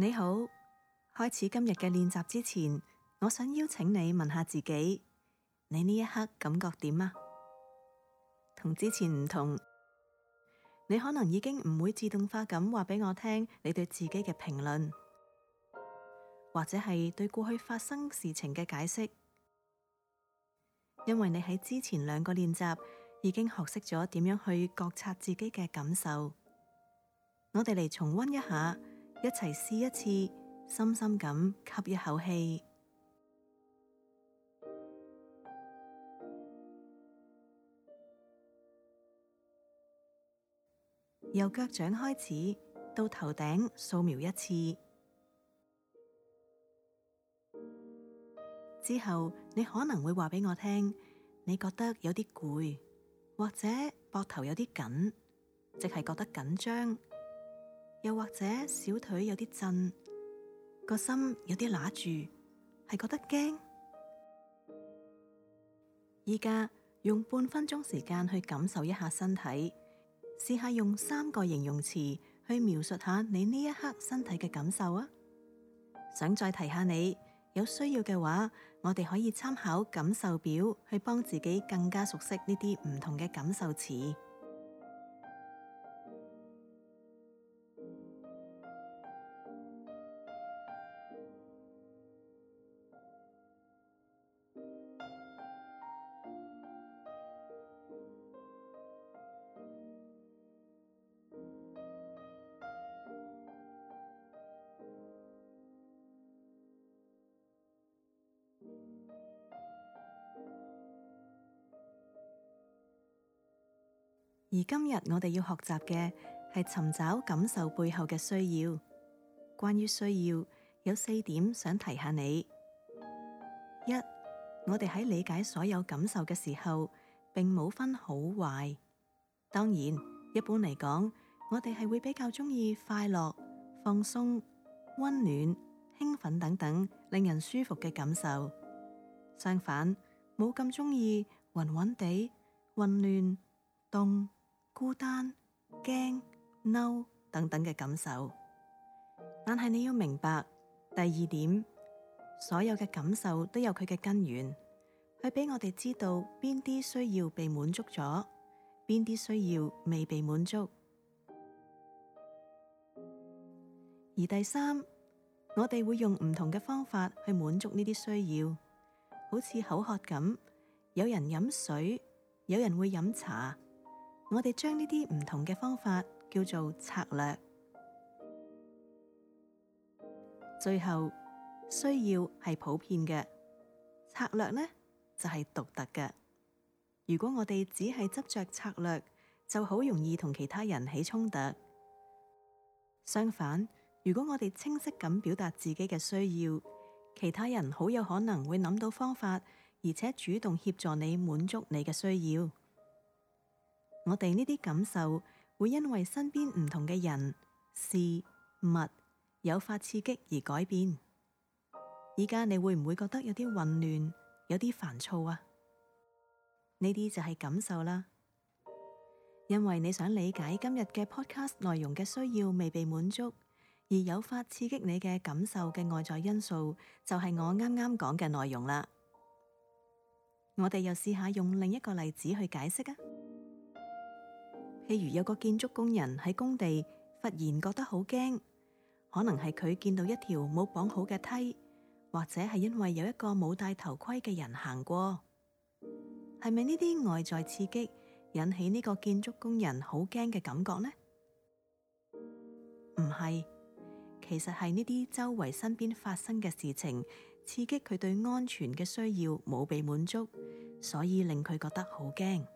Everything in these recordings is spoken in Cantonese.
你好，開始今日嘅練習之前，我想邀請你問下自己，你呢一刻感覺點啊？同之前唔同，你可能已經唔會自動化咁話俾我聽你對自己嘅評論，或者係對過去發生事情嘅解釋，因為你喺之前兩個練習已經學識咗點樣去覺察自己嘅感受。我哋嚟重溫一下。一齊試一次，深深咁吸一口氣，由腳掌開始到頭頂掃描一次。之後，你可能會話畀我聽，你覺得有啲攰，或者膊頭有啲緊，即係覺得緊張。又或者小腿有啲震，個心有啲攔住，係覺得驚。依家，用半分鐘時間去感受一下身體，試下用三個形容詞去描述下你呢一刻身體嘅感受啊！想再提下你，有需要嘅話，我哋可以參考感受表去幫自己更加熟悉呢啲唔同嘅感受詞。而今日我哋要學習嘅係尋找感受背後嘅需要。關於需要，有四點想提下你：一，我哋喺理解所有感受嘅時候，並冇分好壞。當然，一般嚟講，我哋係會比較中意快樂、放鬆、溫暖、興奮等等令人舒服嘅感受。相反，冇咁中意暈暈地、混亂、凍、孤單、驚、嬲等等嘅感受，但係你要明白第二點，所有嘅感受都有佢嘅根源，去俾我哋知道邊啲需要被滿足咗，邊啲需要未被滿足。而第三，我哋會用唔同嘅方法去滿足呢啲需要，好似口渴咁，有人飲水，有人會飲茶。我哋將呢啲唔同嘅方法叫做策略。最後，需要係普遍嘅，策略呢，就係獨特嘅。如果我哋只係執着策略，就好容易同其他人起衝突。相反，如果我哋清晰咁表達自己嘅需要，其他人好有可能會諗到方法，而且主動協助你滿足你嘅需要。我哋呢啲感受會因為身邊唔同嘅人、事物誘發、刺激而改變。依家你會唔會覺得有啲混亂、有啲煩躁啊？呢啲就係感受啦。因為你想理解今日嘅 podcast 內容嘅需要未被滿足，而誘發、刺激你嘅感受嘅外在因素就係我啱啱講嘅內容啦。我哋又試下用另一個例子去解釋啊。譬如有個建築工人喺工地，忽然覺得好驚，可能係佢見到一條冇綁好嘅梯，或者係因為有一個冇戴頭盔嘅人行過。係咪呢啲外在刺激引起呢個建築工人好驚嘅感覺呢？唔係，其實係呢啲周圍身邊發生嘅事情刺激佢對安全嘅需要冇被滿足，所以令佢覺得好驚。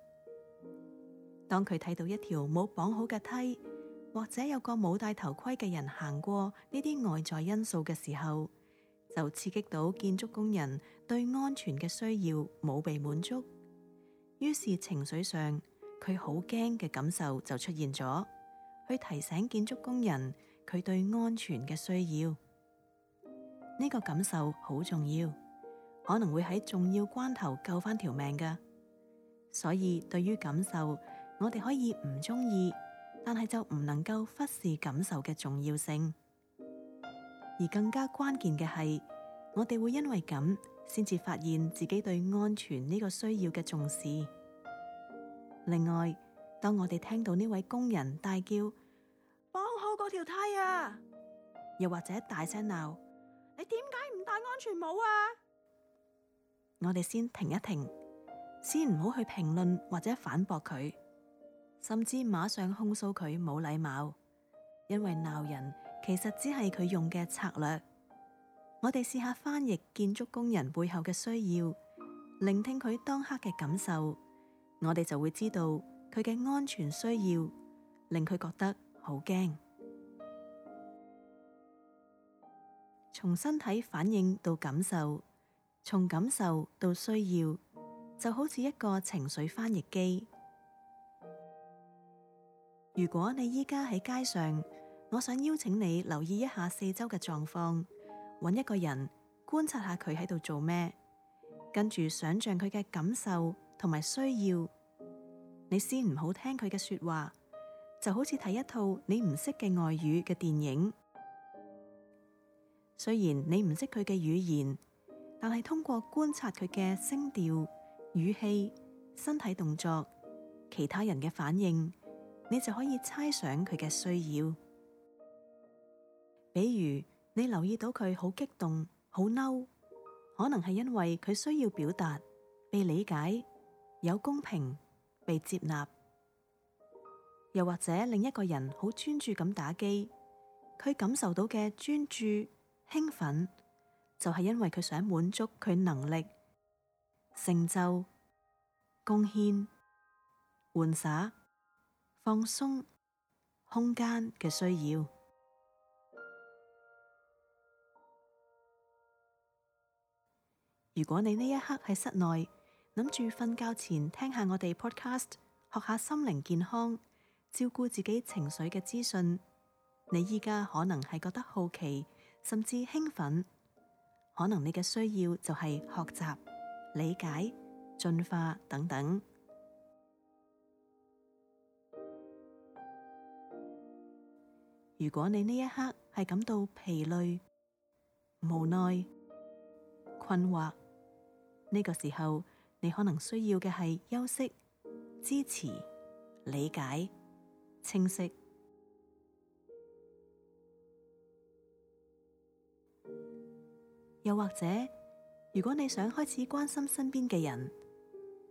當佢睇到一條冇綁好嘅梯，或者有個冇戴頭盔嘅人行過呢啲外在因素嘅時候，就刺激到建築工人對安全嘅需要冇被滿足，於是情緒上佢好驚嘅感受就出現咗，去提醒建築工人佢對安全嘅需要。呢個感受好重要，可能會喺重要關頭救翻條命噶，所以對於感受。我哋可以唔中意，但係就唔能夠忽視感受嘅重要性。而更加關鍵嘅係，我哋會因為咁，先至發現自己對安全呢個需要嘅重視。另外，當我哋聽到呢位工人大叫：綁好嗰條梯啊！又或者大聲鬧：你點解唔戴安全帽啊？我哋先停一停，先唔好去評論或者反駁佢。甚至馬上控訴佢冇禮貌，因為鬧人其實只係佢用嘅策略。我哋試下翻譯建築工人背後嘅需要，聆聽佢當刻嘅感受，我哋就會知道佢嘅安全需要，令佢覺得好驚。從身體反應到感受，從感受到需要，就好似一個情緒翻譯機。如果你依家喺街上，我想邀請你留意一下四周嘅狀況，揾一個人觀察下佢喺度做咩，跟住想象佢嘅感受同埋需要。你先唔好聽佢嘅說話，就好似睇一套你唔識嘅外語嘅電影。雖然你唔識佢嘅語言，但係通過觀察佢嘅聲調、語氣、身體動作、其他人嘅反應。你就可以猜想佢嘅需要，比如你留意到佢好激動、好嬲，可能係因為佢需要表達、被理解、有公平、被接納，又或者另一個人好專注咁打機，佢感受到嘅專注、興奮，就係因為佢想滿足佢能力、成就、貢獻、玩耍、放鬆空間嘅需要。如果你呢一刻喺室內，諗住瞓覺前聽下我哋 podcast，學下心靈健康，照顧自己情緒嘅資訊，你依家可能係覺得好奇，甚至興奮。可能你嘅需要就係學習、理解、進化等等。如果你呢一刻係感到疲累、無奈、困惑，呢個時候，你可能需要嘅係休息、支持、理解、清晰。又或者，如果你想開始關心身邊嘅人，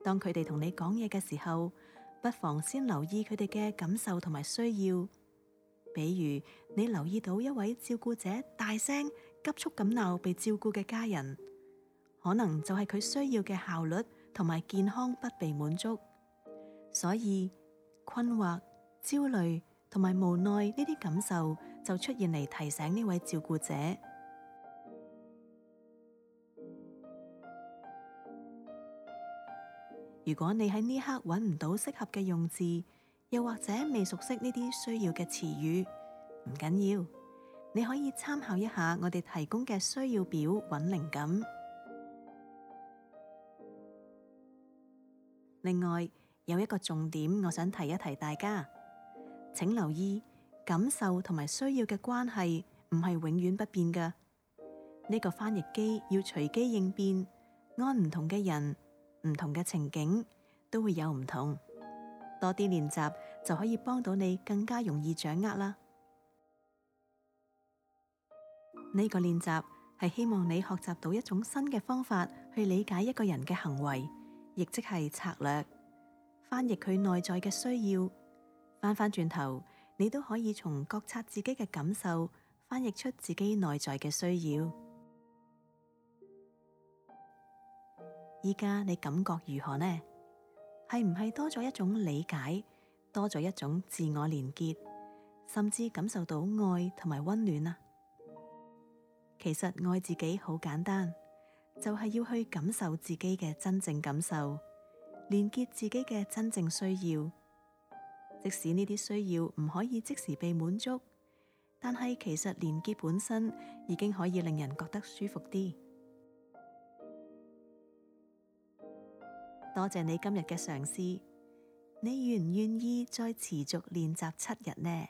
當佢哋同你講嘢嘅時候，不妨先留意佢哋嘅感受同埋需要。比如，你留意到一位照顧者大聲、急速咁鬧被照顧嘅家人，可能就係佢需要嘅效率同埋健康不被滿足，所以困惑、焦慮同埋無奈呢啲感受就出現嚟，提醒呢位照顧者。如果你喺呢刻揾唔到適合嘅用字。又或者未熟悉呢啲需要嘅詞語，唔緊要，你可以參考一下我哋提供嘅需要表搵靈感。另外有一個重點，我想提一提大家，請留意感受同埋需要嘅關係唔係永遠不變嘅。呢個翻譯機要隨機應變，按唔同嘅人、唔同嘅情景，都會有唔同。多啲練習就可以幫到你，更加容易掌握啦。呢個練習係希望你學習到一種新嘅方法去理解一個人嘅行為，亦即係策略翻譯佢內在嘅需要。翻翻轉頭，你都可以從覺察自己嘅感受翻譯出自己內在嘅需要。依家你感覺如何呢？係唔係多咗一種理解，多咗一種自我連結，甚至感受到愛同埋温暖啊？其實愛自己好簡單，就係要去感受自己嘅真正感受，連結自己嘅真正需要。即使呢啲需要唔可以即時被滿足，但係其實連結本身已經可以令人覺得舒服啲。多謝你今日嘅嘗試，你願唔願意再持續練習七日呢？